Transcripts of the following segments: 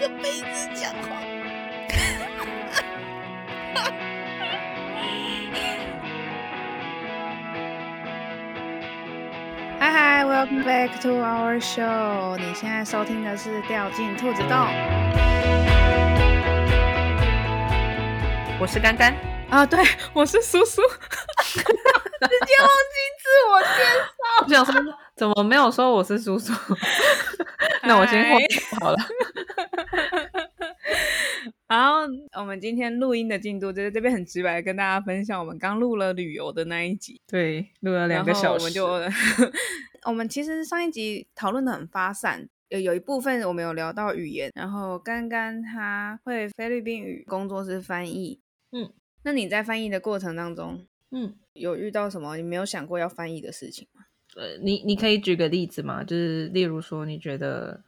個杯子講話，嗨 嗨，Welcome back to our show。你現在收聽的是《掉進兔子洞》，我是干干。啊，對，我是蘇蘇， 直接忘記自我介紹。我想說，怎麼沒有說我是蘇蘇？Hi。那我先過好了。 好，我們今天錄音的進度就是這邊很直白跟大家分享，我們剛錄了旅遊的那一集，對，錄了兩個小時。然後我們就， 我們其實上一集討論得很發散，有有一部分我們有聊到語言，然後剛剛他會菲律賓語工作室翻譯，嗯，那你在翻譯的過程當中，嗯，有遇到什麼你沒有想過要翻譯的事情嗎？呃，你你可以舉個例子嘛，就是例如說你覺得。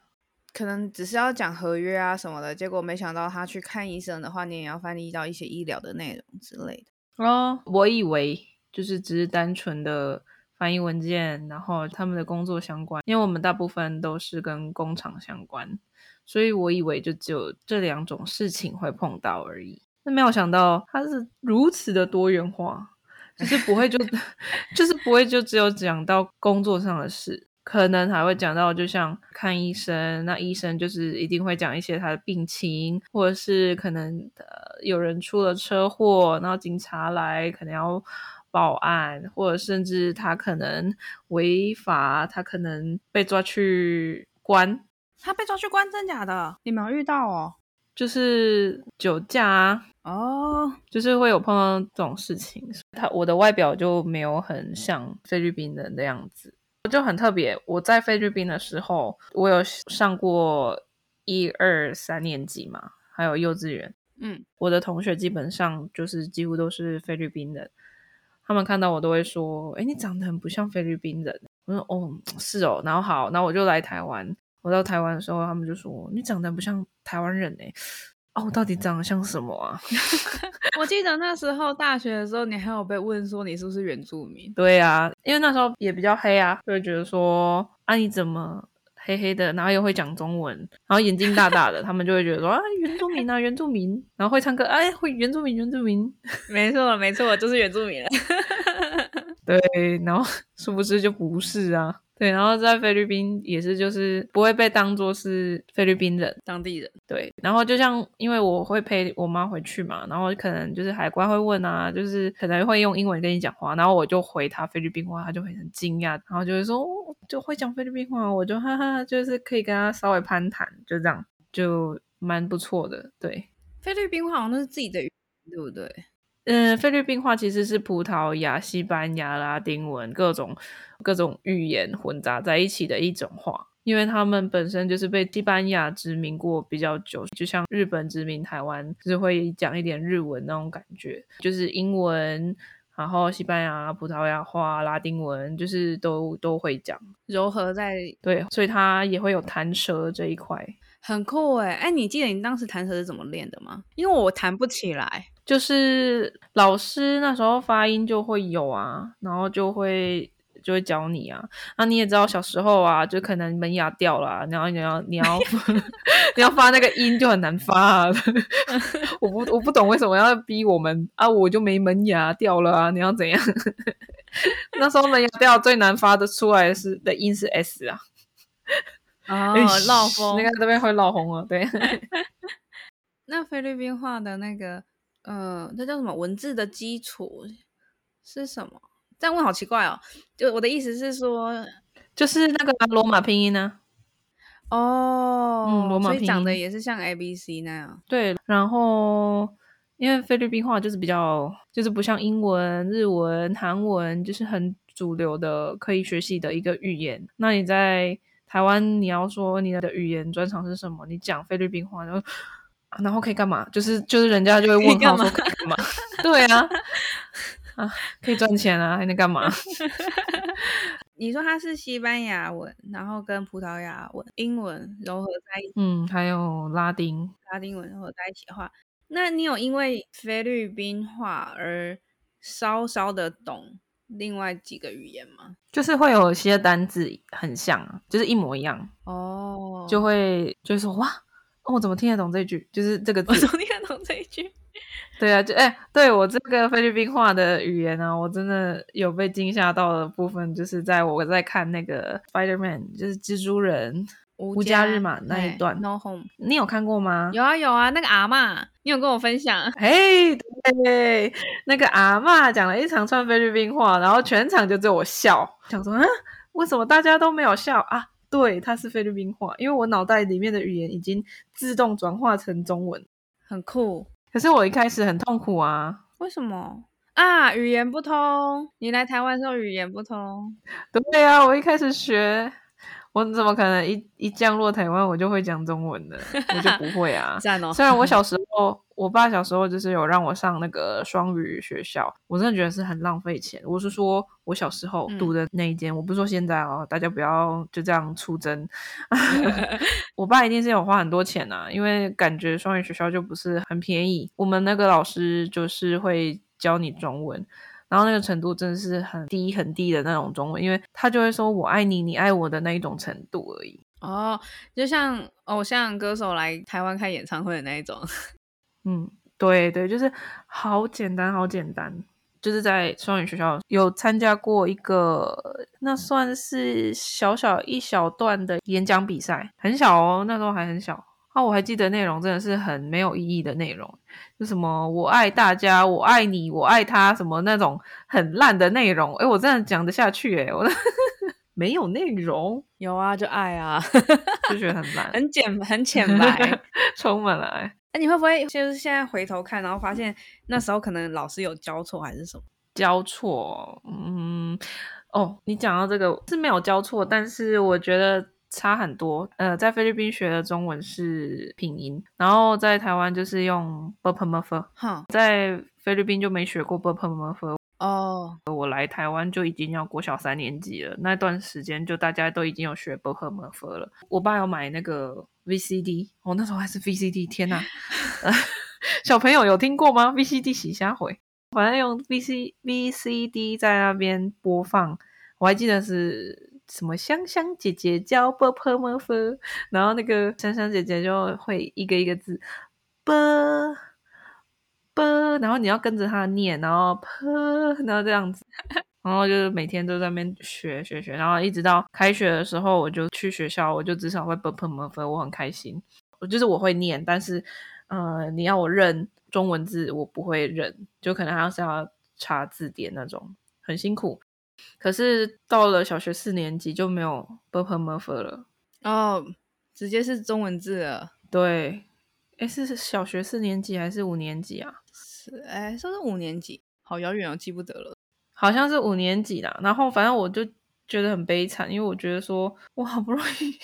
可能只是要講合約啊什麼的，結果沒想到他去看醫生的話，你也要翻譯到一些醫療的內容之類的。哦，我以為就是只是單純的翻譯文件，然後他們的工作相關，因為我們大部分都是跟工廠相關，所以我以為就只有這兩種事情會碰到而已。那沒有想到他是如此的多元化，就是不會就 就是不會就只有講到工作上的事。可能還會講到，就像看醫生，那醫生就是一定會講一些他的病情，或者是可能呃有人出了車禍，然後警察來可能要報案，或者甚至他可能違法，他可能被抓去關。他被抓去關真假的？你們有遇到哦？就是酒駕哦，oh. 就是會有碰到這種事情。他我的外表就沒有很像菲律賓人的樣子。我就很特別，我在菲律賓的時候，我有上過一二三年級嘛，還有幼稚園。嗯，我的同學基本上就是幾乎都是菲律賓人，他們看到我都會說：“誒，你長得很不像菲律賓人。”我說：“哦，是哦。”然後好，然後我就來台灣。我到台灣的時候，他們就說：“你長得不像台灣人哎。”哦，我到底長得像什麼啊？ 我記得那時候大學的時候，你還有被問說，你是不是原住民？對呀。啊，因為那時候也比較黑啊，就會覺得說，啊你怎麼黑黑的，然後又會講中文，然後眼睛大大的， 他們就會覺得說，啊原住民啊原住民，然後會唱歌，哎、啊、會原住民原住民，沒錯沒錯，就是原住民了。 對，然後殊不知就不是啊。對，然後在菲律賓也是，就是不會被當做是菲律賓人、當地人。對，然後就像因為我會陪我媽回去嘛，然後可能就是海關會問啊，就是可能會用英文跟你講話，然後我就回他菲律賓話，他就會很驚訝，然後就會說、哦、就會講菲律賓話，我就哈哈，就是可以跟他稍微攀談，就這樣，就蠻不錯的。對，菲律賓話好像都是自己的語言，對不對？嗯、呃，菲律賓話其實是葡萄牙、西班牙、拉丁文各種各種語言混雜在一起的一種話，因為他們本身就是被西班牙殖民過比較久，就像日本殖民台灣，就是會講一點日文那種感覺，就是英文，然後西班牙、葡萄牙話、拉丁文就是都都會講，柔和在對，所以它也會有彈舌這一塊，很酷哎！哎、欸，你記得你當時彈舌是怎麼練的嗎？因為我彈不起來。就是老師那時候發音就會有啊，然後就會就會教你啊。那你也知道小時候啊，就可能門牙掉了、啊然後你，你要你要你要你要發那個音就很難發、啊。 我不我不懂為什麼要逼我們啊，我就沒門牙掉了啊，你要怎樣？ 那時候門牙掉最難發的出來的是的音是 S 啊。哦、oh, 哎，老紅，你、那、看、個、這邊會老紅了、啊，對。 那菲律賓話的那個。嗯、呃，那叫什麼？文字的基礎是什麼？這樣問好奇怪哦。就我的意思是說，就是那個羅馬拼音呢、啊？哦、嗯，羅、嗯、馬拼音所以講的也是像 A B C 那樣。對，然後因為菲律賓話就是比較，就是不像英文、日文、韓文，就是很主流的可以學習的一個語言。那你在台灣，你要說你的語言專長是什麼？你講菲律賓話就。然後可以幹嘛？就是就是，人家就會問號說：“可以幹嘛？”幹嘛 對啊， 啊，可以賺錢啊，還能幹嘛？你說它是西班牙文，然後跟葡萄牙文、英文融合在一起，嗯，還有拉丁拉丁文融合在一起的話，那你有因為菲律賓話而稍稍的懂另外幾個語言嗎？就是會有一些單字很像，就是一模一樣哦、oh.，就會就會說哇。哦、我怎麼聽得懂這句？就是這個字。我怎麼聽得懂這一句？對啊，就哎、欸，對我這個菲律賓話的語言呢、啊，我真的有被驚嚇到的部分，就是在我在看那個《Spider Man》，就是蜘蛛人無家,家日嘛那一段。No home。你有看過嗎？有啊有啊，那個阿嬤，你有跟我分享？嘿對，那個阿嬤講了一長串菲律賓話，然後全場就對我笑，想說，嗯、啊，為什麼大家都沒有笑啊？對，它是菲律賓話，因為我腦袋裡面的語言已經自動轉化成中文，很酷。可是我一開始很痛苦啊，為什麼啊？語言不通，你來台灣時候語言不通，對啊，我一開始學。我怎麼可能一一降落台灣我就會講中文呢？我就不會啊、 哦！雖然我小時候，我爸小時候就是有讓我上那個雙語學校，我真的覺得是很浪費錢。我是說我小時候讀的那一間，嗯、我不是說現在哦，大家不要就這樣出征。 我爸一定是有花很多錢啊，因為感覺雙語學校就不是很便宜。我們那個老師就是會教你中文。然後那個程度真的是很低很低的那種中文，因為他就會說“我愛你，你愛我的那一種程度而已”。哦，就像偶像歌手來台灣開演唱會的那一種。嗯，對對，就是好簡單好簡單，就是在雙語學校有參加過一個，那算是小小一小段的演講比賽，很小哦，那時候還很小。好、哦，我還記得內容真的是很沒有意義的內容，就什麼我愛大家，我愛你，我愛他，什麼那種很爛的內容。誒我這樣講得下去、欸？誒我 沒有內容。有啊，就愛啊， 就覺得很爛，很簡，很淺白， 充滿了愛。誒、欸、你會不會就是現在回頭看，然後發現那時候可能老師有教錯還是什麼？教錯？嗯，哦，你講到這個是沒有教錯，但是我覺得。差很多，呃，在菲律賓學的中文是拼音，然後在台灣就是用 ㄅㄆㄇㄈ 哼，在菲律賓就沒學過 ㄅㄆㄇㄈ 哦，我來台灣就已經要國小三年級了，那段時間就大家都已經有學 ㄅㄆㄇㄈ 了。我爸有買那個 VCD，哦，那時候還是 VCD，天哪、啊， 小朋友有聽過嗎？VCD 洗蝦回。反正用 V C V C D 在那邊播放，我還記得是。什麼香香姐姐教波潑麼夫，然後那個香香姐姐就會一個一個字，波波，然後你要跟着她念，然後波，然後這樣子，然後就是每天都在那邊學學學，然後一直到開學的時候，我就去學校，我就至少會波潑麼夫，我很開心。我就是我會念，但是呃，你要我認中文字，我不會認，就可能還要是要查字典那種，很辛苦。可是到了小學四年級就沒有 bopomofo 了哦，oh, 直接是中文字了。對，哎，是小學四年級還是五年級啊？是，哎，說是，是五年級，好遙遠我、哦、記不得了。好像是五年級啦，然後反正我就覺得很悲慘，因為我覺得說我好不容易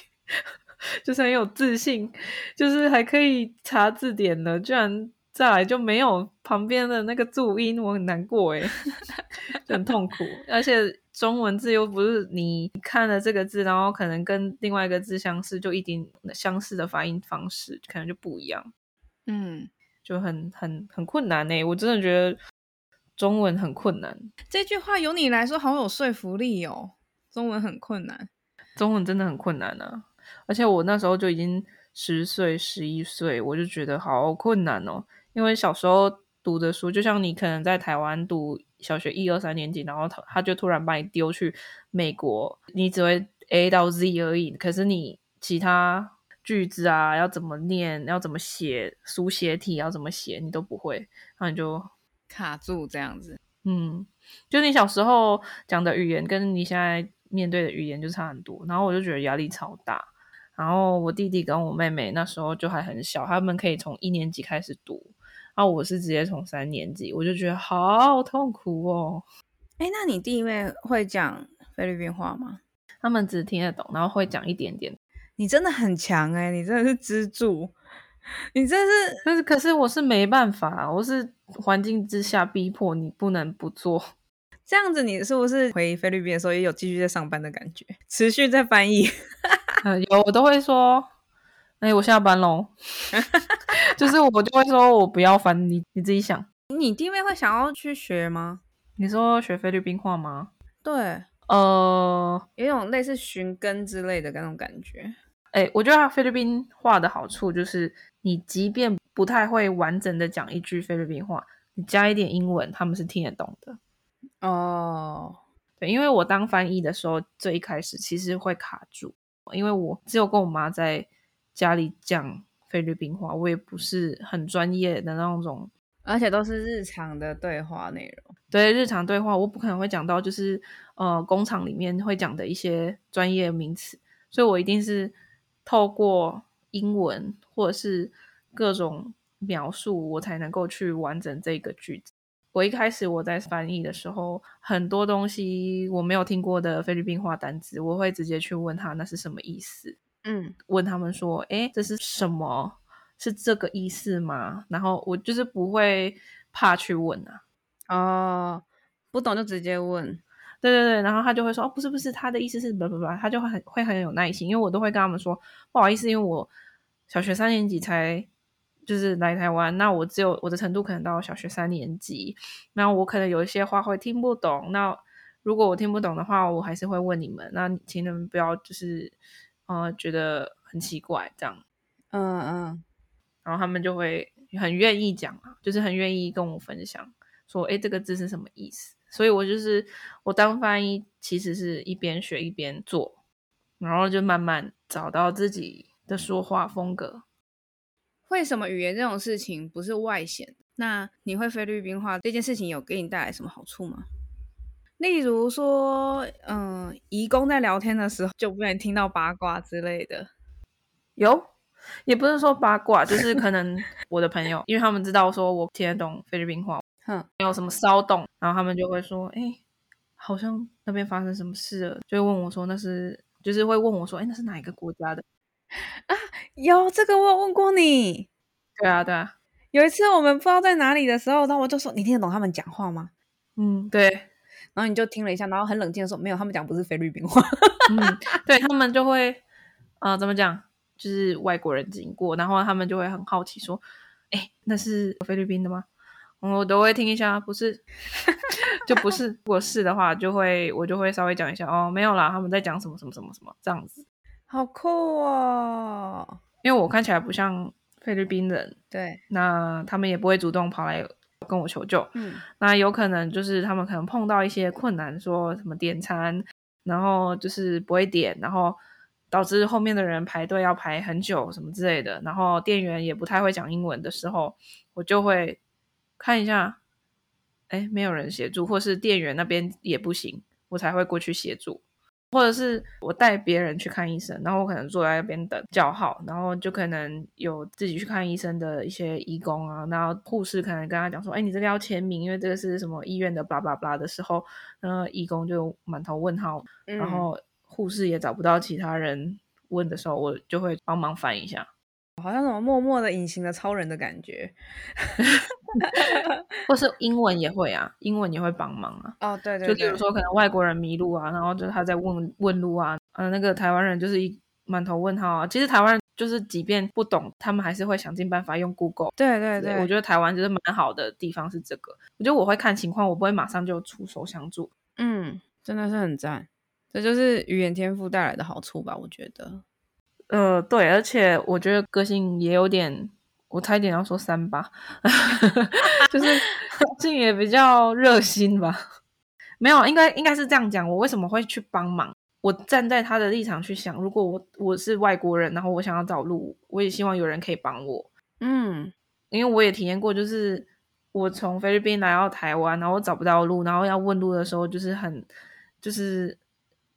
就是很有自信，就是還可以查字典的，居然。再來就沒有旁邊的那個注音，我很難過哎， 就很痛苦，而且中文字又不是你看了這個字，然後可能跟另外一個字相似，就一定相似的發音方式，可能就不一樣，嗯，就很很很困難誒，我真的覺得中文很困難。這句話由你來說好有說服力哦，中文很困難，中文真的很困難啊！而且我那時候就已經十歲、十一歲，我就覺得好困難哦。因為小時候讀的書，就像你可能在台灣讀小學一二三年級，然後他他就突然把你丟去美國，你只會 A 到 Z 而已。可是你其他句子啊，要怎麼念，要怎麼寫，書寫體要怎麼寫，你都不會，那你就卡住這樣子。嗯，就你小時候講的語言，跟你現在面對的語言就差很多。然後我就覺得壓力超大。然後我弟弟跟我妹妹那時候就還很小，他們可以從一年級開始讀。啊，我是直接從三年級，我就覺得好痛苦哦。哎、欸，那你弟妹會講菲律賓話嗎？他們只聽得懂，然後會講一點點。你真的很強哎、欸，你真的是支柱。你真是，可是可是我是沒辦法，我是環境之下逼迫你不能不做。這樣子，你是不是回菲律賓的時候也有繼續在上班的感覺？持續在翻譯、 呃，有我都會說。哎、欸，我下班嘍， 就是我就會說，我不要翻你， 你自己想。你弟妹會想要去學嗎？你說學菲律賓話嗎？對，呃，也有種類似尋根之類的那種感覺。哎、欸，我覺得菲律賓話的好處就是，你即便不太會完整的講一句菲律賓話，你加一點英文，他們是聽得懂的。哦，對，因為我當翻譯的時候，最一開始其實會卡住，因為我只有跟我媽在。家裡講菲律賓話，我也不是很專業的那種，而且都是日常的對話內容。對，日常對話，我不可能會講到就是呃工廠裡面會講的一些專業名詞，所以我一定是透過英文或者是各種描述，我才能夠去完整這個句子。我一開始我在翻譯的時候，很多東西我沒有聽過的菲律賓話單詞，我會直接去問他那是什麼意思。嗯，問他們說：“誒，這是什麼？是這個意思嗎？”然後我就是不會怕去問啊。哦，不懂就直接問。對對對，然後他就會說：“哦，不是不是，他的意思是……”不不不，他就會很會很有耐心，因為我都會跟他們說：“不好意思，因為我小學三年級才就是來台灣，那我只有我的程度可能到小學三年級，那我可能有一些話會聽不懂。那如果我聽不懂的話，我還是會問你們。那請你們不要就是。”啊、嗯，覺得很奇怪，這樣，嗯嗯，然後他們就會很願意講，就是很願意跟我分享，說，哎，這個字是什麼意思？所以我就是我當翻譯，其實是一邊學一邊做，然後就慢慢找到自己的說話風格。為什麼語言這種事情不是外顯？那你會菲律賓話這件事情有給你帶來什麼好處嗎？例如說，嗯、呃，移工在聊天的時候就不願意聽到八卦之類的。有，也不是說八卦， 就是可能我的朋友， 因為他們知道說我聽得懂菲律賓話，哼、嗯，沒有什麼騷動，然後他們就會說：“哎、欸，好像那邊發生什麼事了。”就會問我說：“那是，就是會問我說：‘哎、欸，那是哪一個國家的？’啊，有，這個我有問過你。對啊，對啊，有一次我們不知道在哪裡的時候，然後我就說：‘你聽得懂他們講話嗎？’嗯，對。然後你就聽了一下，然後很冷靜的說：“沒有，他們講不是菲律賓話。 ”嗯，對，他們就會啊、呃，怎麼講？就是外國人經過，然後他們就會很好奇說：“哎，那是菲律賓的嗎、哦？”我都會聽一下，不是，就不是。 如果是的話，就會我就會稍微講一下哦，沒有啦，他們在講什麼什麼什麼什麼這樣子，好酷哦，因為我看起來不像菲律賓人，對，那他們也不會主動跑來，跟我求救，嗯，那有可能就是他們可能碰到一些困難，說什麼點餐，然後就是不會點，然後導致後面的人排隊要排很久什麼之類的，然後店員也不太會講英文的時候，我就會看一下，哎，沒有人協助，或是店員那邊也不行，我才會過去協助。或者是我帶別人去看醫生，然後我可能坐在那邊等叫號，然後就可能有自己去看醫生的一些義工啊，然後護士可能跟他講說，哎、欸，你這個要簽名，因為這個是什麼醫院的，巴拉巴拉的時候，那義工就滿頭問號，嗯、然後護士也找不到其他人問的時候，我就會幫忙翻一下，好像什麼默默的隱形的超人的感覺。 或是英文也會啊，英文也會幫忙啊。哦、oh，對對，就比如說可能外國人迷路啊，然後就是他在問問路啊，嗯、啊，那個台灣人就是一滿頭問號啊。其實台灣人就是即便不懂，他們還是會想盡辦法用 Google。對對對，我覺得台灣就是蠻好的地方是這個。我覺得我會看情況，我不會馬上就出手相助。嗯，真的是很讚，這就是語言天賦帶來的好處吧？我覺得，呃，對，而且我覺得個性也有點。我差一點要說三八， 就是這 也比較熱心吧。沒有，應該應該是這樣講。我為什麼會去幫忙？我站在他的立場去想，如果我我是外國人，然後我想要找路，我也希望有人可以幫我。嗯，因為我也體驗過，就是我從菲律賓來到台灣，然後我找不到路，然後要問路的時候就是很，就是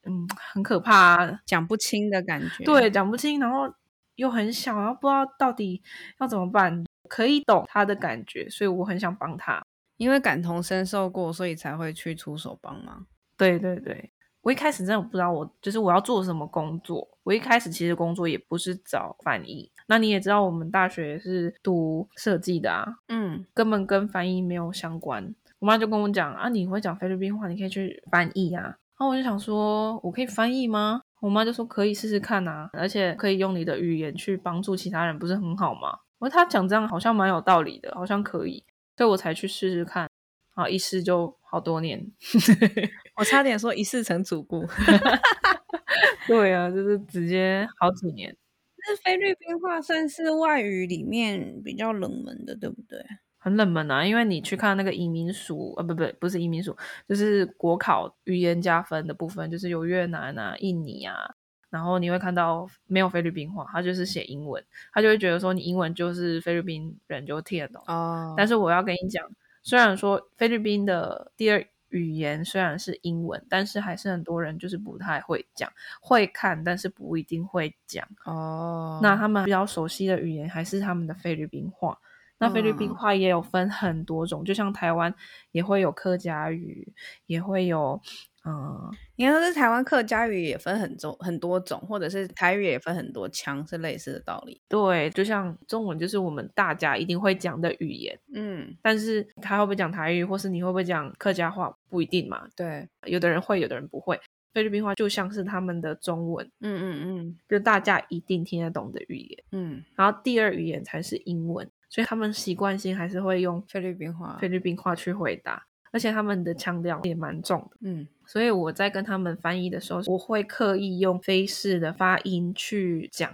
很就是嗯很可怕啊，講不清的感覺。對，講不清，然後。又很小，然後不知道到底要怎麼辦，可以懂他的感覺，所以我很想幫他，因為感同身受過，所以才會去出手幫忙。對對對，我一開始真的不知道我，我就是我要做什麼工作。我一開始其實工作也不是找翻譯，那你也知道我們大學是讀設計的啊，嗯，根本跟翻譯沒有相關。我媽就跟我講啊，你會講菲律賓話，你可以去翻譯啊。然後我就想說，我可以翻譯嗎？我媽就說可以試試看啊，而且可以用你的語言去幫助其他人，不是很好嗎？我說她講這樣好像蠻有道理的，好像可以，所以我才去試試看。好，一試就好多年， 我差點說一試成主顧。 對啊，就是直接好幾年。那菲律賓話算是外語裡面比較冷門的，對不對？很冷門啊，因為你去看那個移民署，呃、啊，不不，不是移民署，就是國考語言加分的部分，就是有越南啊、印尼啊，然後你會看到沒有菲律賓話，他就是寫英文，他就會覺得說你英文就是菲律賓人就聽得懂。哦、oh.。但是我要跟你講，雖然說菲律賓的第二語言雖然是英文，但是還是很多人就是不太會講，會看，但是不一定會講。哦、oh.。那他們比較熟悉的語言還是他們的菲律賓話。那菲律賓話也有分很多種，嗯、就像台灣也會有客家語，也會有，嗯，你看，就是台灣客家語也分很多很多種，或者是台語也分很多腔，是類似的道理。對，就像中文，就是我們大家一定會講的語言，嗯，但是他會不會講台語，或是你會不會講客家話，不一定嘛。對，有的人會，有的人不會。菲律賓話就像是他們的中文，嗯嗯嗯，就大家一定聽得懂的語言，嗯，然後第二語言才是英文。所以他們習慣性還是會用菲律賓話、菲律賓話去回答，而且他們的腔調也蠻重的。嗯，所以我在跟他們翻譯的時候，我會刻意用菲式的發音去講。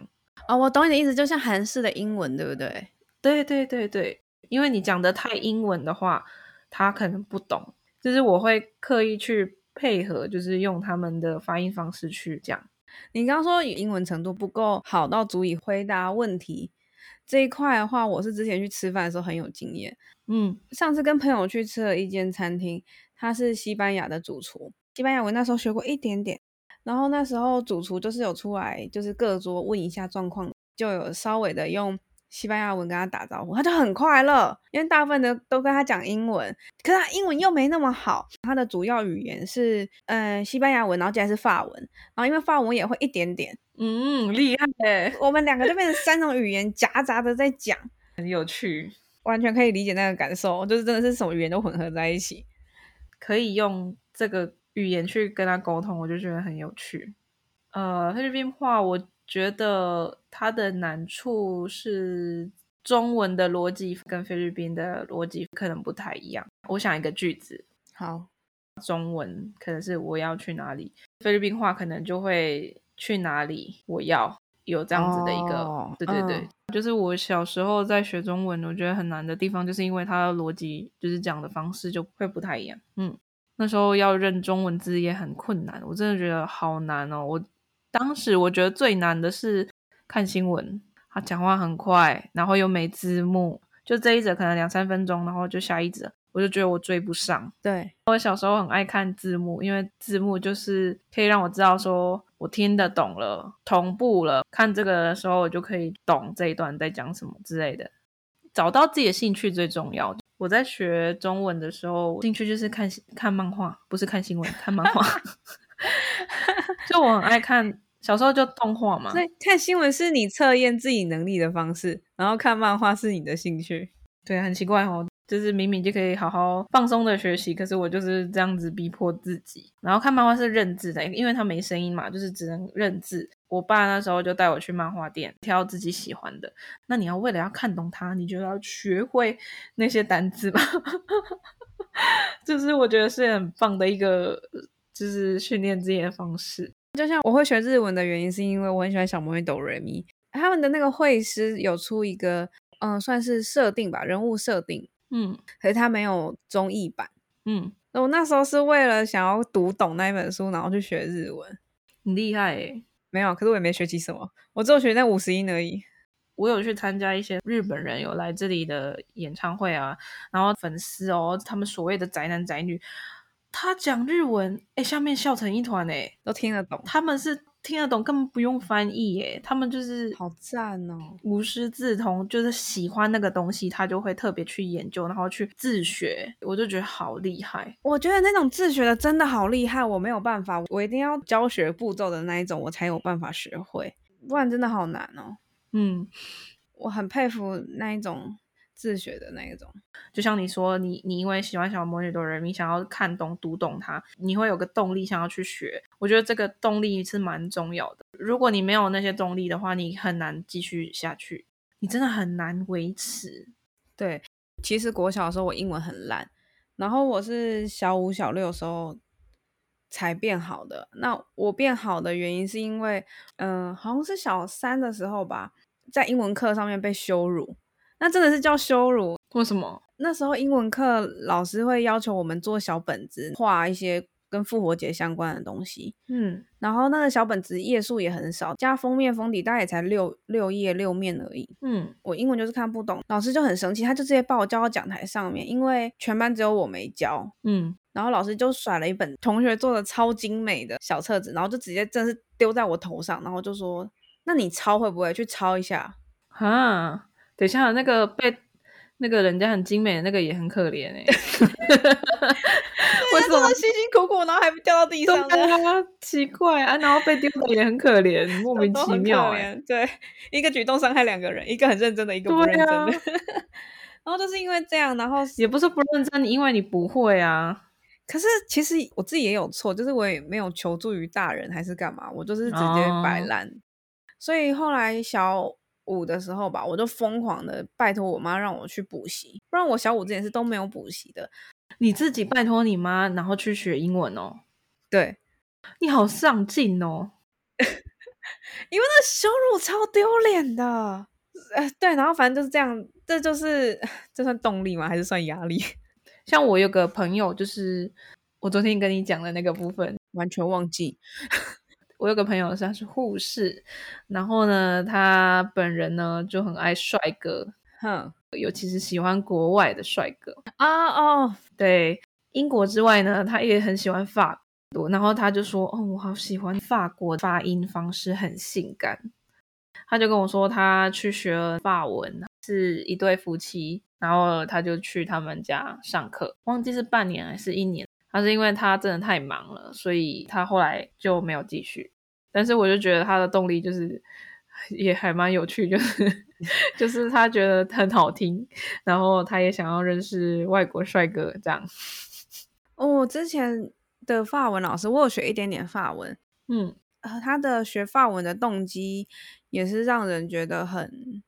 啊、哦，我懂你的意思，就像韓式的英文，對不對？對對對對，因為你講的太英文的話，他可能不懂。就是我會刻意去配合，就是用他們的發音方式去講。你剛剛說英文程度不夠好，到足以回答問題。這一塊的話，我是之前去吃飯的時候很有經驗。嗯，上次跟朋友去吃了一間餐廳，他是西班牙的主廚，西班牙文那時候學過一點點，然後那時候主廚就是有出來，就是各桌問一下狀況，就有稍微的用。西班牙文跟他打招呼，他就很快樂，因為大部分的都跟他講英文，可是他英文又沒那麼好，他的主要語言是嗯、呃、西班牙文，然後接下來是法文，然後因為法文也會一點點，嗯，厲害，我們兩個就變成三種語言夾雜的在講， 很有趣，完全可以理解那個感受，就是真的是什麼語言都混合在一起，可以用這個語言去跟他溝通，我就覺得很有趣，呃，菲律賓話我。覺得它的難處是中文的邏輯跟菲律賓的邏輯可能不太一樣。我想一個句子，好，中文可能是我要去哪裡，菲律賓話可能就會去哪裡，我要有這樣子的一個，oh，對對對，uh。就是我小時候在學中文，我覺得很難的地方就是因為它的邏輯就是講的方式就會不太一樣。嗯，那時候要認中文字也很困難，我真的覺得好難哦，我。當時我覺得最難的是看新聞，他講話很快，然後又沒字幕，就這一則可能兩三分鐘，然後就下一則，我就覺得我追不上。對，我小時候很愛看字幕，因為字幕就是可以讓我知道說我聽得懂了，同步了，看這個的時候我就可以懂這一段在講什麼之類的。找到自己的興趣最重要。我在學中文的時候，興趣就是看看漫畫，不是看新聞，看漫畫。 就我很愛看。小時候就動畫嘛，所以看新聞是你測驗自己能力的方式，然後看漫畫是你的興趣。對，很奇怪哦，就是明明就可以好好放鬆的學習，可是我就是這樣子逼迫自己。然後看漫畫是認字的，因為它沒聲音嘛，就是只能認字。我爸那時候就帶我去漫畫店挑自己喜歡的，那你要為了要看懂它，你就要學會那些單字嘛。 就是我覺得是很棒的一個，就是訓練自己的方式。就像我會學日文的原因，是因為我很喜歡小魔女哆瑞咪，他們的那個繪師有出一個，嗯、呃，算是設定吧，人物設定，嗯，可是他沒有中譯版，嗯，那我那時候是為了想要讀懂那一本書，然後去學日文，很厲害誒，沒有，可是我也沒學起什麼，我只有學那五十音而已。我有去參加一些日本人有來這裡的演唱會啊，然後粉絲哦，他們所謂的宅男宅女。他講日文，誒下面笑成一團，誒都聽得懂。他們是聽得懂，根本不用翻譯，誒他們就是好讚哦。無師自通，嗯，就是喜歡那個東西，他就會特別去研究，然後去自學，我就覺得好厲害。我覺得那種自學的真的好厲害，我沒有辦法，我一定要教學步驟的那一種，我才有辦法學會，不然真的好難哦。嗯，我很佩服那一種。自學的那一種，就像你說，你你因為喜歡小魔女的人，你想要看懂讀懂它，你會有個動力想要去學。我覺得這個動力是蠻重要的。如果你沒有那些動力的話，你很難繼續下去，你真的很難維持。對，其實國小的時候我英文很爛，然後我是小五小六的時候才變好的。那我變好的原因是因為，嗯、呃，好像是小三的時候吧，在英文課上面被羞辱。那真的是叫羞辱。為什麼？那時候英文課老師會要求我們做小本子，畫一些跟復活節相關的東西。嗯，然後那個小本子頁數也很少，加封面封底，大概也才六六頁六面而已。嗯，我英文就是看不懂，老師就很生氣，他就直接把我叫到講台上面，因為全班只有我沒交。嗯，然後老師就甩了一本同學做的超精美的小冊子，然後就直接正是丟在我頭上，然後就說：“那你抄會不會？去抄一下？”哈。等一下，那個被那個人家很精美的那個也很可憐哎、欸，我這麼辛辛苦苦然後還不掉到地上了？對呀，奇怪啊，然後被丟的也很可憐， 莫名其妙、欸。對，一個舉動傷害兩個人，一個很認真的，一個不認真的。啊、 然後就是因為這樣，然後也不是不認真，因為你不會啊。可是其實我自己也有錯，就是我也沒有求助於大人還是幹嘛，我就是直接擺爛。Oh. 所以後來小。五的時候吧，我就瘋狂的拜托我媽讓我去補習，不然我小五之前是都沒有補習的。你自己拜托你媽，然後去學英文哦。對，你好上進哦，因 為那個羞辱超丟臉的。呃，對，然後反正就是這樣，這就是這算動力嗎？還是算壓力？像我有個朋友，就是我昨天跟你講的那個部分，完全忘記。我有個朋友，他是護士，然後呢，他本人呢就很愛帥哥，哼，尤其是喜歡國外的帥哥啊哦，對，英國之外呢，他也很喜歡法國，然後他就說，哦，我好喜歡法國的發音方式很性感，他就跟我說他去學了法文，是一對夫妻，然後他就去他們家上課，忘記是半年還是一年，他是因為他真的太忙了，所以他後來就沒有繼續。但是我就覺得他的動力就是也還蠻有趣，就是就是他覺得很好聽，然後他也想要認識外國帥哥這樣。我、哦、之前的法文老師，我有學一點點法文，嗯，他的學法文的動機也是讓人覺得很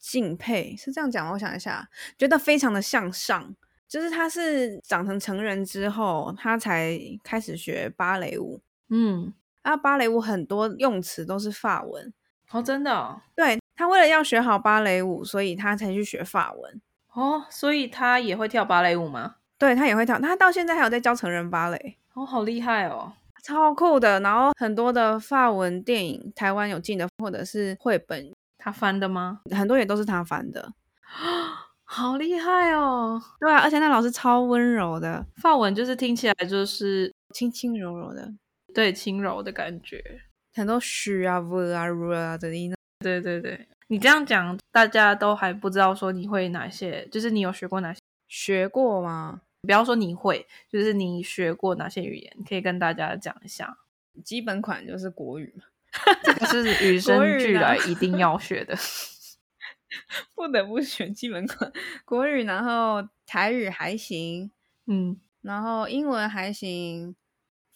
敬佩。是這樣講嗎？我想一下，覺得非常的向上，就是他是長成成人之後，他才開始學芭蕾舞，嗯。啊，芭蕾舞很多用詞都是法文哦，真的哦。對，他為了要學好芭蕾舞，所以他才去學法文哦，所以他也會跳芭蕾舞嗎？對，他也會跳，他到現在還有在教成人芭蕾哦，好厲害哦，超酷的。然後很多的法文電影，台灣有進的，或者是繪本，他翻的嗎？很多也都是他翻的，啊、哦，好厲害哦。對啊，而且那老師超溫柔的，法文就是聽起來就是輕輕柔柔的。對輕柔的感覺，很多虛啊、文啊、柔啊等等。對對對，你這樣講，大家都還不知道說你會哪些，就是你有學過哪些？學過嗎？不要說你會，就是你學過哪些語言，可以跟大家講一下。基本款就是國語嘛， 這個是與生俱來一定要學的， 不得不選基本款國語，然後台語還行，嗯，然後英文還行。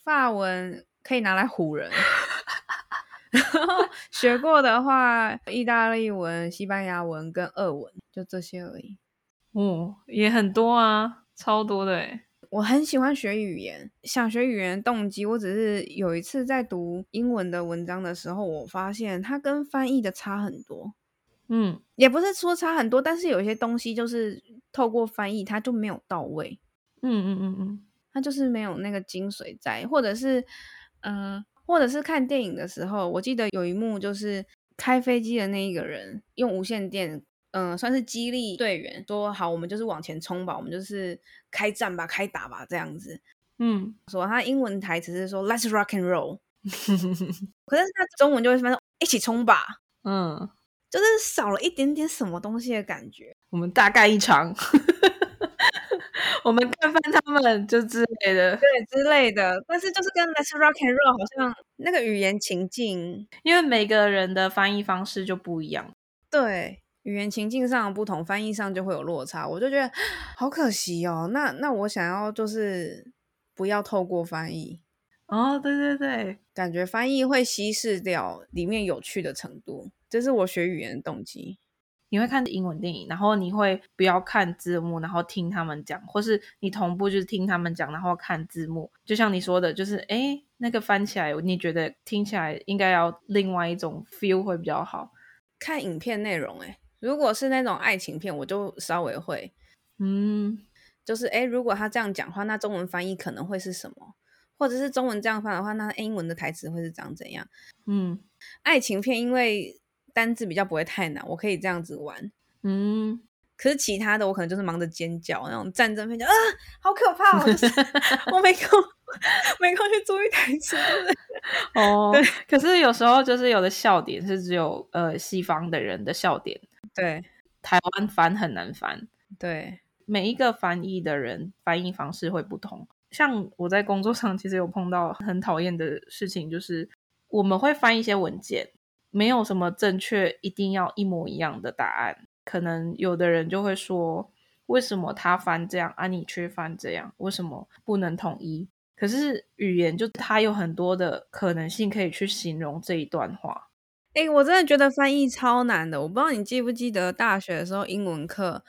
法文可以拿來唬人， 然後學過的話，意大利文、西班牙文跟俄文，就這些而已。哦，也很多啊，超多的欸。我很喜歡學語言，想學語言動機，我只是有一次在讀英文的文章的時候，我發現它跟翻譯的差很多。嗯，也不是說差很多，但是有些東西就是透過翻譯它就沒有到位。嗯嗯嗯嗯。他就是沒有那個精髓在，或者是，嗯、呃，或者是看電影的時候，我記得有一幕就是開飛機的那一個人用無線電，嗯、呃，算是激勵隊員說：“好，我們就是往前衝吧，我們就是開戰吧，開打吧，這樣子。”嗯，說他英文的台詞是說 “Let's rock and roll”， 可是他中文就會翻“一起衝吧”。嗯，就是少了一點點什麼東西的感覺。我們大幹一場。 我們幹翻他們就之類的， 對之類的， 但是就是跟《Mr s Rock and Roll》好像那個語言情境，因為每個人的翻譯方式就不一樣， 對，語言情境上不同，翻譯上就會有落差。我就覺得好可惜哦。那那我想要就是不要透過翻譯哦，對對對，感覺翻譯會稀釋掉裡面有趣的程度，這是我學語言的動機。你會看英文電影，然後你會不要看字幕，然後聽他們講，或是你同步就是聽他們講，然後看字幕。就像你說的，就是哎，那個翻起來，你覺得聽起來應該要另外一種 feel 會比較好。看影片內容欸，誒，如果是那種愛情片，我就稍微會，嗯，就是哎，如果他這樣講的話，那中文翻譯可能會是什麼？或者是中文這樣翻的話，那英文的台詞會是長怎樣？嗯，愛情片因為。單字比較不會太難，我可以這樣子玩，嗯。可是其他的我可能就是忙着尖叫，那種戰爭片叫啊，好可怕！我、就是、 我沒空，沒空去注意台詞。哦，對。可是有時候就是有的笑點是只有呃西方的人的笑點。對，台灣翻很難翻。對，每一個翻譯的人翻譯方式會不同。像我在工作上其實有碰到很討厭的事情，就是我們會翻一些文件。沒有什麼正確，一定要一模一樣的答案。可能有的人就會說，為什麼他翻這樣啊，你卻翻這樣，為什麼不能統一？可是語言就它有很多的可能性可以去形容這一段話。哎，我真的覺得翻譯超難的。我不知道你記不記得大學的時候英文課，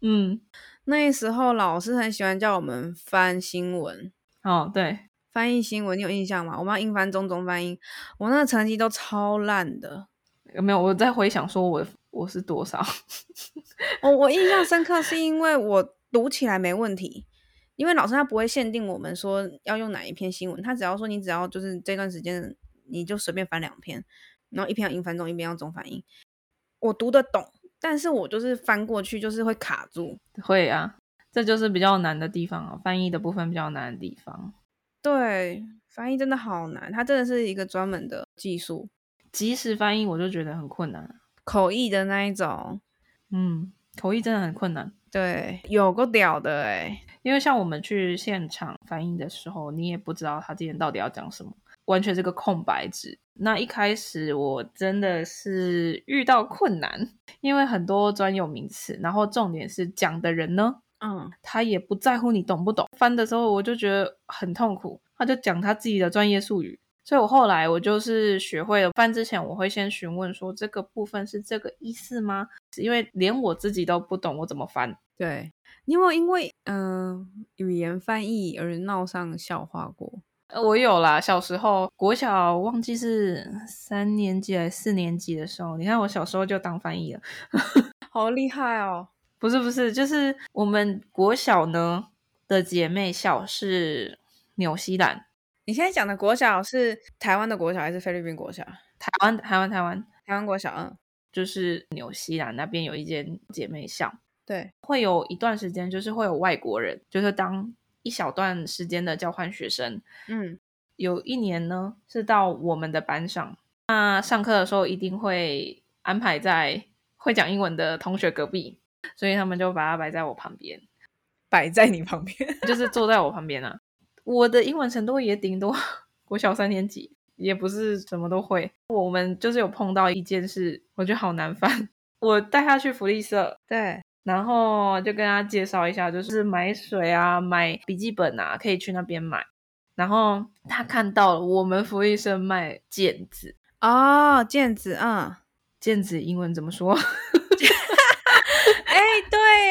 嗯，那時候老師很喜歡叫我們翻新聞。哦，對。翻譯新聞你有印象嗎？我嘛，英翻中，中翻英我那個成績都超爛的。沒有，我在回想，說我我是多少？我、 哦、我印象深刻是因為我讀起來沒問題，因為老師他不會限定我們說要用哪一篇新聞，他只要說你只要就是這段時間你就隨便翻兩篇，然後一篇要英翻中，一篇要中翻英。我讀得懂，但是我就是翻過去就是會卡住。會啊，這就是比較難的地方啊，翻譯的部分比較難的地方。對，翻譯真的好難，它真的是一個專門的技術。即時翻譯我就覺得很困難，口譯的那一種，嗯，口譯真的很困難。對，有夠屌的誒，因為像我們去現場翻譯的時候，你也不知道他今天到底要講什麼，完全是個空白紙。那一開始我真的是遇到困難，因為很多專有名詞，然後重點是講的人呢。嗯，他也不在乎你懂不懂，翻的時候，我就覺得很痛苦。他就講他自己的專業術語，所以我後來我就是學會了，翻之前，我會先詢問說，這個部分是這個意思嗎？因為連我自己都不懂，我怎麼翻？對，你有沒有因為嗯、呃、語言翻譯而鬧上笑話過？呃，我有啦，小時候國小忘記是三年級還是四年級的時候，你看我小時候就當翻譯了， 好厲害哦！不是不是，就是我們國小呢的姐妹校是紐西蘭。你現在講的國小是台灣的國小還是菲律賓國小？台灣台灣台灣台灣國小，啊，嗯，就是紐西蘭那邊有一間姐妹校，對，會有一段時間，就是會有外國人，就是當一小段時間的交換學生。嗯，有一年呢是到我們的班上，那上課的時候一定會安排在會講英文的同學隔壁。所以他們就把它擺在我旁邊。擺在你旁邊，就是坐在我旁邊啊。 我的英文程度也頂多，我小三年級也不是什麼都會。我們就是有碰到一件事，我覺得好難翻。我帶他去福利社，對，然後就跟他介紹一下，就是買水啊、買筆記本啊，可以去那邊買。然後他看到了我們福利社賣毽子，哦，毽子，啊、嗯，毽子英文怎麼說？哎、欸，對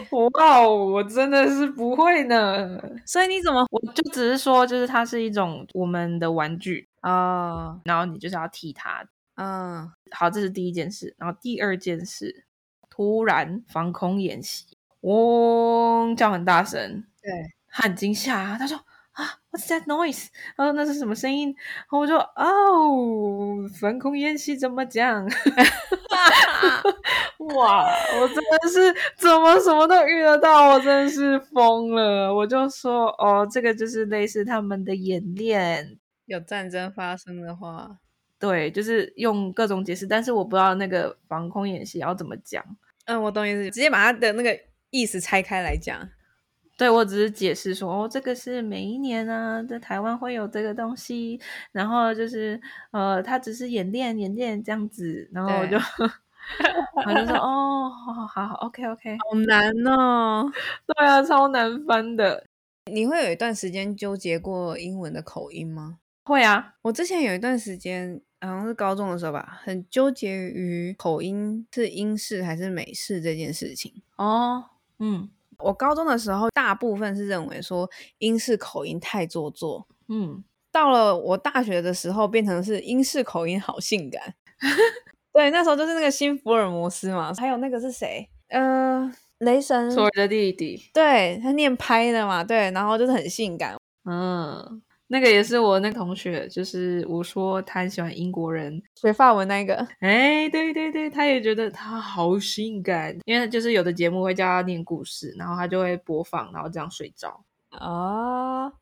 耶！哇、wow, 我真的是不會呢。所以你怎麼，我就只是說，就是它是一種我們的玩具啊。Oh. 然後你就是要替它，嗯、oh。好，這是第一件事。然後第二件事，突然防空演習，嗡、哦，叫很大聲，對，很驚嚇。他說啊，What's that noise？他說那是什麼聲音？然後我就哦，防空演習怎麼講？ 哇！我真的是怎麼什麼都遇得到，我真的是瘋了。我就說哦，這個就是類似他們的演練，有戰爭發生的話，對，就是用各種解釋，但是我不知道那個防空演習要怎麼講。嗯，我懂意思，直接把他的那個意思拆開來講。對，我只是解釋說，哦，這個是每一年呢、啊，在台灣會有這個東西，然後就是，呃，它只是演練演練這樣子，然後我就，我就說， 哦，好，好，好，好，OK，OK，好好難哦。 對啊，超難翻的。你會有一段時間糾結過英文的口音嗎？會啊，我之前有一段時間，好像是高中的時候吧，很糾結於口音是英式還是美式這件事情。哦，嗯。我高中的時候，大部分是認為說英式口音太做作。嗯，到了我大學的時候，變成是英式口音好性感。 對，那時候就是那個新福爾摩斯嘛，還有那個是誰？呃，雷神，索爾的弟弟。對，他念拍的嘛，對，然後就是很性感。嗯。那個也是我那個同學，就是我說他很喜歡英國人學法文那個，誒、哎、對對對，他也覺得他好性感，因為就是有的節目會叫他念故事，然後他就會播放，然後這樣睡着啊、哦。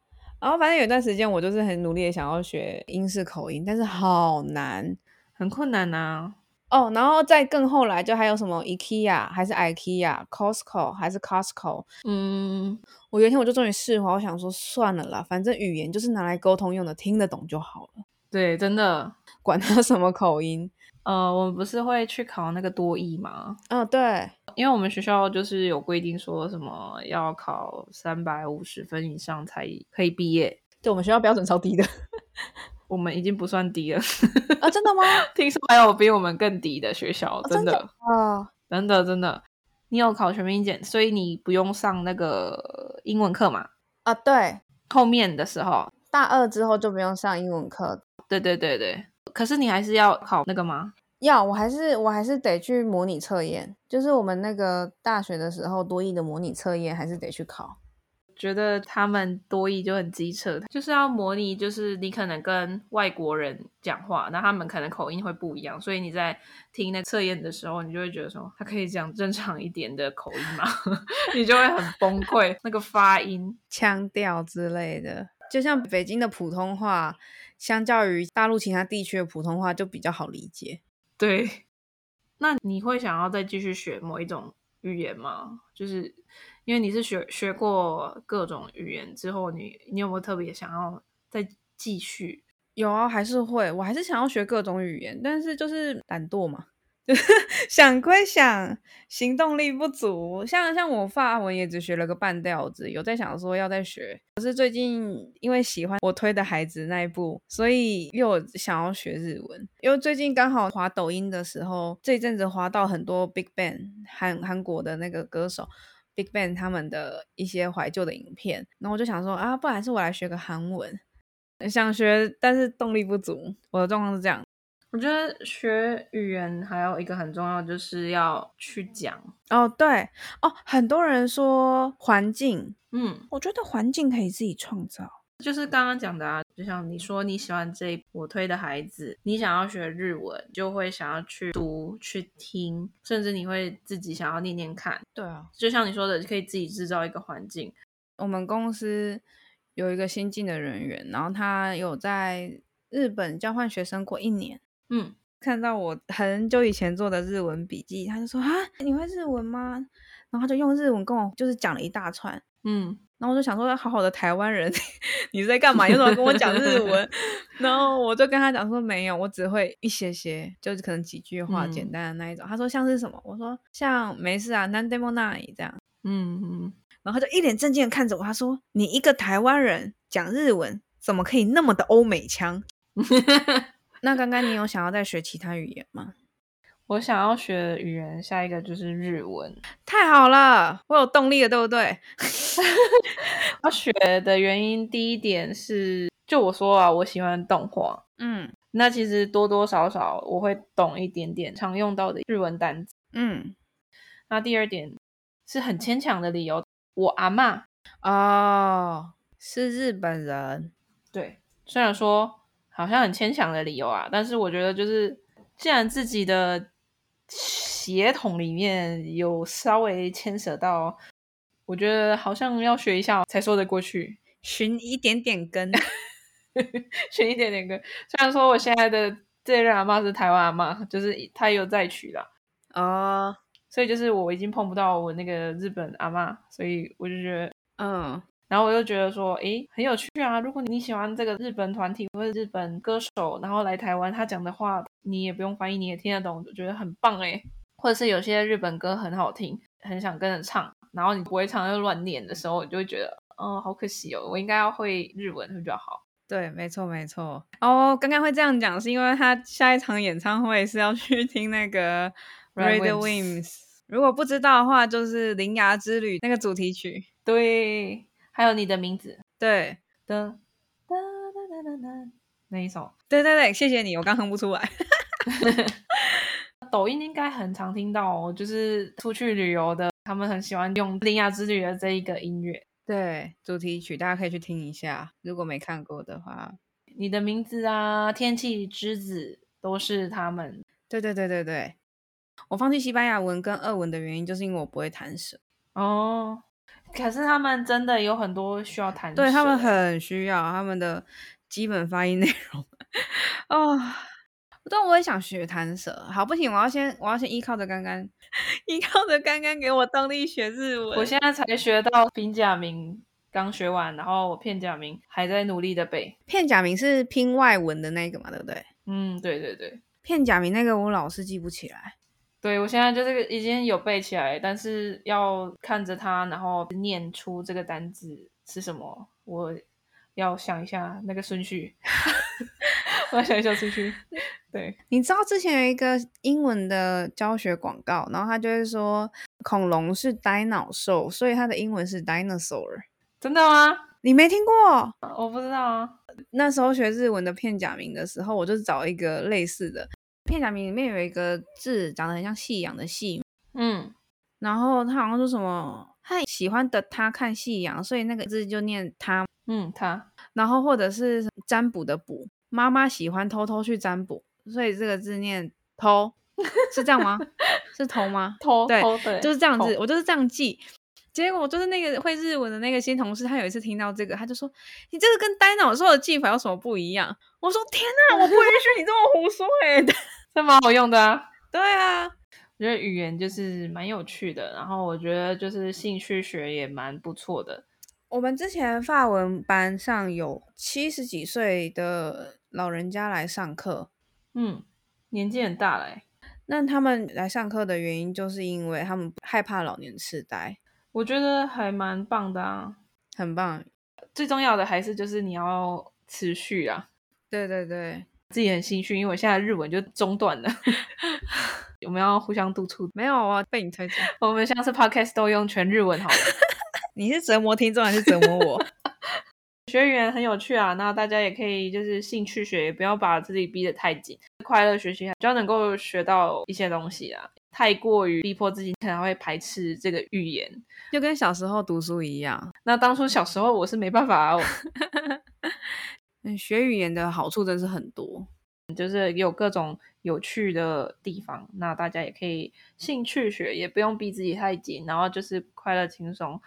然後反正有一段時間我就是很努力的想要學英式口音，但是好難，很困難吶、啊。哦，然後再更後來就還有什麼 IKEA 還是 IKEA，Costco 還是 Costco，嗯，我有一天我就終於試了，我想說算了啦，反正語言就是拿來溝通用的，聽得懂就好了。對，真的，管他什麼口音。呃，我們不是會去考那個多益嗎？嗯、哦，對，因為我們學校就是有規定說什麼要考三百五十分以上才可以畢業。對，我們學校標準超低的。 我們已經不算低了啊、 哦！真的嗎？聽說還有比我們更低的學校，哦，真的真的真的，真的，你有考全民檢，所以你不用上那個英文課嗎？啊，對，後面的時候，大二之後就不用上英文課。對對對對，可是你還是要考那個嗎？要，我還是我還是得去模擬測驗，就是我們那個大學的時候多益的模擬測驗，還是得去考。覺得他們多益就很機車，就是要模擬，就是你可能跟外國人講話，那他們可能口音會不一樣，所以你在聽那測驗的時候，你就會覺得說，他可以講正常一點的口音嗎？ 你就會很崩潰，那個發音、 腔調之類的，就像北京的普通話，相較於大陸其他地區的普通話就比較好理解。對，那你會想要再繼續學某一種？語言嘛，就是因為你是學學過各種語言之後，你你有沒有特別想要再繼續？有啊，還是會，我還是想要學各種語言，但是就是懶惰嘛。 想歸想，行動力不足。像像我法文也只學了個半調子，有在想說要再學，可是最近因為喜歡我推的孩子那一部，所以又想要學日文。因為最近剛好滑抖音的時候，這一陣子滑到很多 Big Bang 韓韓國的那個歌手 Big Bang 他們的一些懷舊的影片，然後我就想說啊，不然是我來學個韓文，想學，但是動力不足。我的狀況是這樣。我覺得學語言還有一個很重要，就是要去講哦。對哦，很多人說環境，嗯，我覺得環境可以自己創造。就是剛剛講的啊，就像你說你喜歡這我推的孩子，你想要學日文，就會想要去讀、去聽，甚至你會自己想要念念看。對啊，就像你說的，可以自己制造一個環境。我們公司有一個新進的人員，然後他有在日本交換學生過一年。嗯，看到我很久以前做的日文筆記，他就說啊，你會日文嗎？然後他就用日文跟我就是講了一大串，嗯，然後我就想說，好好的台灣人，你在幹嘛？有 怎麼跟我講日文？ 然後我就跟他講說，沒有，我只會一些些，就是可能幾句話簡單的那一種。嗯，他說像是什麼？我說像沒事啊，なんでもない這樣，嗯嗯。然後他就一臉正經的看着我，他說，你一個台灣人講日文，怎麼可以那麼的歐美腔？ 那剛剛你有想要再學其他語言嗎？我想要學的語言下一個就是日文，太好了，我有動力了，對不對？ 要學的原因第一點是，就我說啊，我喜歡動畫，嗯，那其實多多少少我會懂一點點常用到的日文單詞，嗯。那第二點是很牽強的理由，我阿嬤啊、哦、是日本人，對，雖然說。好像很牽強的理由啊，但是我覺得就是，既然自己的血統裡面有稍微牽涉到，我覺得好像要學一下才說得過去，尋一點點根，尋 一點點根。雖然說我現在的這任阿媽是台灣阿媽，就是他有再娶了啊，uh. 所以就是我已經碰不到我那個日本阿媽，所以我就覺得，嗯、uh.。然後我就覺得說，哎，很有趣啊！如果你喜歡這個日本團體或者日本歌手，然後來台灣，他講的話你也不用翻譯，你也聽得懂，我覺得很棒哎、欸。或者是有些日本歌很好聽，很想跟着唱，然後你不會唱又亂念的時候，我就會覺得，哦，好可惜哦，我應該要會日文會比較好。對，沒錯沒錯。哦、oh,，剛剛會這樣講是因為他下一場演唱會是要去聽那個 RADWIMPS，如果不知道的話，就是《鈴芽之旅》那個主題曲。對。還有你的名字，對，噠噠噠噠噠噠，那一首？對對對，謝謝你，我剛哼不出來。 抖音應該很常聽到哦，就是出去旅遊的，他們很喜歡用《鈴芽之旅》的這一個音樂，對，主題曲，大家可以去聽一下，如果沒看過的話。你的名字啊，《天氣之子》都是他們。對，對對對對對，我放棄西班牙文跟俄文的原因，就是因為我不會彈舌。哦。可是他們真的有很多需要彈舌，對，他們很需要他們的基本發音內容。 哦，但我也想學彈舌，好，不行，我要先我要先依靠着干干依靠着干干給我動力學日文。我現在才學到平假名，剛學完，然後我片假名還在努力的背。片假名是拼外文的那個嘛，對不對？嗯，對對對，片假名那個我老是記不起來。對，我現在就這個已經有背起來，但是要看着它，然後念出這個單字是什麼，我要想一下那個順序。 我要想一下順序。對，你知道之前有一個英文的教學廣告，然後他就是說恐龍是呆腦獸，所以它的英文是 dinosaur。真的嗎？你沒聽過？我不知道啊。那時候學日文的片假名的時候，我就找一個類似的。片假名裡面有一個字，長得很像夕陽的“夕”。嗯，然後他好像說什麼，他喜歡的他看夕陽，所以那個字就念“他”。嗯，他。然後或者是占卜的“卜”，媽媽喜歡偷偷去占卜，所以這個字念“偷”。是這樣嗎？ 是偷嗎？偷對，偷。對，就是這樣子，我就是這樣記。結果就是那個會日文的那個新同事，他有一次聽到這個，他就說：“你這個跟呆腦獸的技法有什麼不一樣？”我說：“天哪，我不允許你這麼胡說誒、欸、這 蠻好用的、啊，對啊，我覺得語言就是蠻有趣的。然後我覺得就是興趣學也蠻不錯的。我們之前法文班上有七十幾歲的老人家來上課，嗯，年紀很大了、欸。那他們來上課的原因就是因為他們害怕老年痴呆。我覺得還蠻棒的啊，很棒。最重要的還是就是你要持續啊。對對對，自己很心虛，因為我現在日文就中斷了。 我們要互相督促。沒有啊，被你推薦。我們下次 podcast 都用全日文好了。 你是折磨聽眾還是折磨我？ 學語言很有趣啊，那大家也可以就是興趣學，也不要把自己逼得太緊，快樂學習，比較能夠學到一些東西啊。太過於逼迫自己，可能會排斥這個語言，就跟小時候讀書一樣。那當初小時候我是沒辦法、啊。 學語言的好處真是很多，就是有各種有趣的地方。那大家也可以興趣學，也不用逼自己太緊，然後就是快樂輕鬆，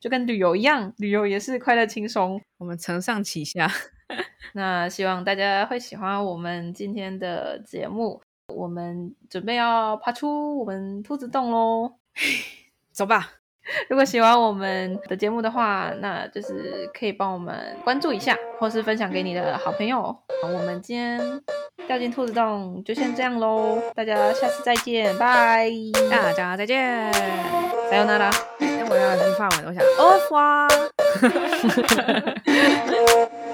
就跟旅遊一樣，旅遊也是快樂輕鬆。我們承上啟下， 那希望大家會喜歡我們今天的節目。我們準備要爬出我們兔子洞嘍， 走吧！如果喜歡我們的節目的話，那就是可以幫我們關注一下，或是分享給你的好朋友。好，我們今天掉進兔子洞，就先這樣嘍，大家下次再見，拜！大家再見，加油娜拉！我要去髮尾，我想 o f